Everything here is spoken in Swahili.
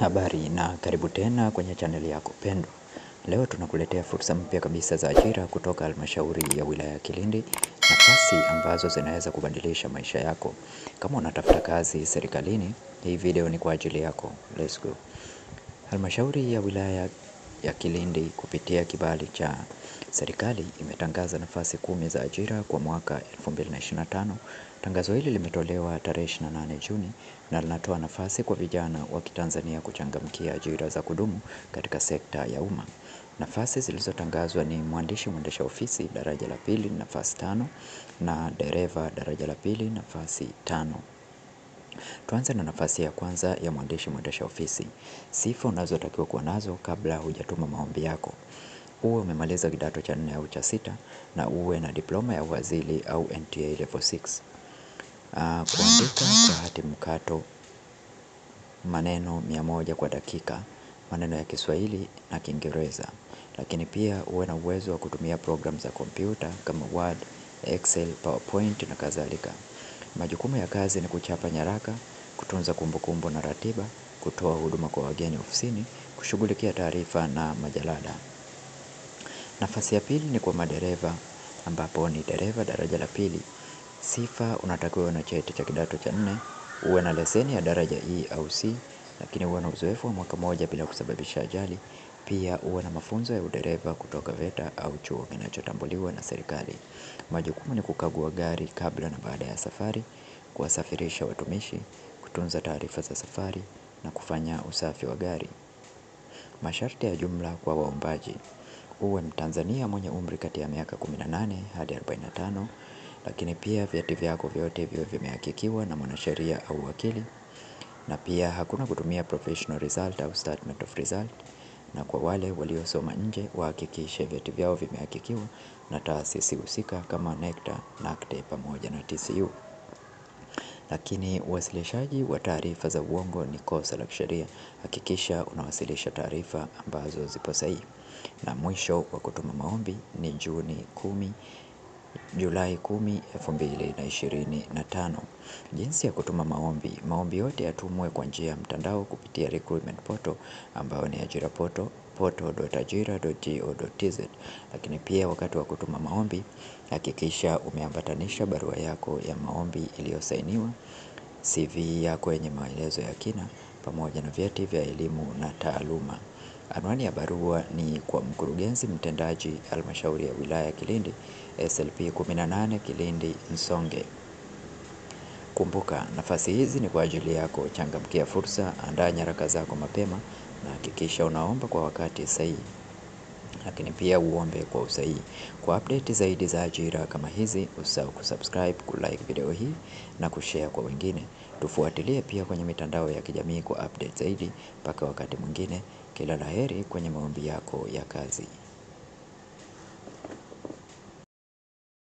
Habari na karibu tena kwenye chaneli yako pendwa. Leo tunakuletea fursa mpya kabisa za ajira kutoka halmashauri ya wilaya ya Kilindi, nafasi ambazo zinaweza kubadilisha maisha yako. Kama unatafuta kazi serikalini, hii video ni kwa ajili yako. Let's go. Halmashauri ya wilaya ya Kilindi kupitia kibali cha serikali imetangaza nafasi kumi za ajira kwa mwaka 2025. Tangazo hili limetolewa tarehe 28 Juni na linatoa nafasi kwa vijana wa Kitanzania kuchangamkia ajira za kudumu katika sekta ya umma. Nafasi zilizotangazwa ni mwandishi mwendesha ofisi daraja la pili nafasi tano na dereva daraja la pili nafasi tano. Tuanze na nafasi ya kwanza ya mwandishi mwendesha ofisi. Sifa unazotakiwa kuwa nazo kabla hujatuma maombi yako. Uwe umemaliza kidato cha nne au cha sita na uwe na diploma ya uhazili au NTA Level 6. Ah, kuandika kwa hati mkato maneno mia moja kwa dakika, maneno ya kiswahili na kiingereza. Lakini pia uwe na uwezo wa kutumia program za kompyuta kama Word, Excel, PowerPoint na kadhalika. Majukumu ya kazi ni kuchapa nyaraka, kutunza kumbukumbu na ratiba, kutoa huduma kwa wageni ofisini, kushughulikia taarifa na majalada. Nafasi ya pili ni kwa madereva ambapo ni dereva daraja la pili. Sifa unatakiwa na cheti cha kidato cha nne, uwe na leseni ya daraja E au C, lakini uwe na uzoefu wa mwaka moja bila kusababisha ajali, pia uwe na mafunzo ya udereva kutoka VETA au chuo kinachotambuliwa na serikali. Majukumu ni kukagua gari kabla na baada ya safari, kuwasafirisha watumishi, kutunza taarifa za safari na kufanya usafi wa gari. Masharti ya jumla kwa waombaji. Uwe mtanzania mwenye umri kati ya miaka 18 hadi 45, lakini pia vyeti vyako vyote viwe vimehakikiwa na mwanasheria au wakili na pia hakuna kutumia professional result au statement of result na kwa wale waliosoma nje wahakikishe vyeti vyao vimehakikiwa na taasisi husika kama NECTA, NACTE pamoja na TCU. Lakini uwasilishaji wa taarifa za uongo ni kosa la kisheria. Hakikisha unawasilisha taarifa ambazo zipo sahihi. Na mwisho wa kutuma maombi ni Juni kumi Julai kumi 2025. na ishirini na tano. Jinsi ya kutuma maombi. Maombi yote yatumwe kwa njia ya mtandao kupitia recruitment portal ambayo ni ajira portal portal.ajira.go.tz Lakini pia wakati wa kutuma maombi hakikisha umeambatanisha barua yako ya maombi iliyosainiwa CV yako yenye maelezo ya kina pamoja na vyeti vya elimu na taaluma. Anwani ya barua ni kwa mkurugenzi mtendaji halmashauri ya wilaya Kilindi SLP 18 Kilindi Msonge. Kumbuka nafasi hizi ni kwa ajili yako. Changamkia fursa, andaa nyaraka zako mapema na hakikisha unaomba kwa wakati sahihi, lakini pia uombe kwa usahihi. Kwa update zaidi za ajira kama hizi, usahau kusubscribe, kulike video hii na kushare kwa wengine. Tufuatilie pia kwenye mitandao ya kijamii kwa update zaidi. Mpaka wakati mwingine. Kila la heri kwenye maombi yako ya kazi.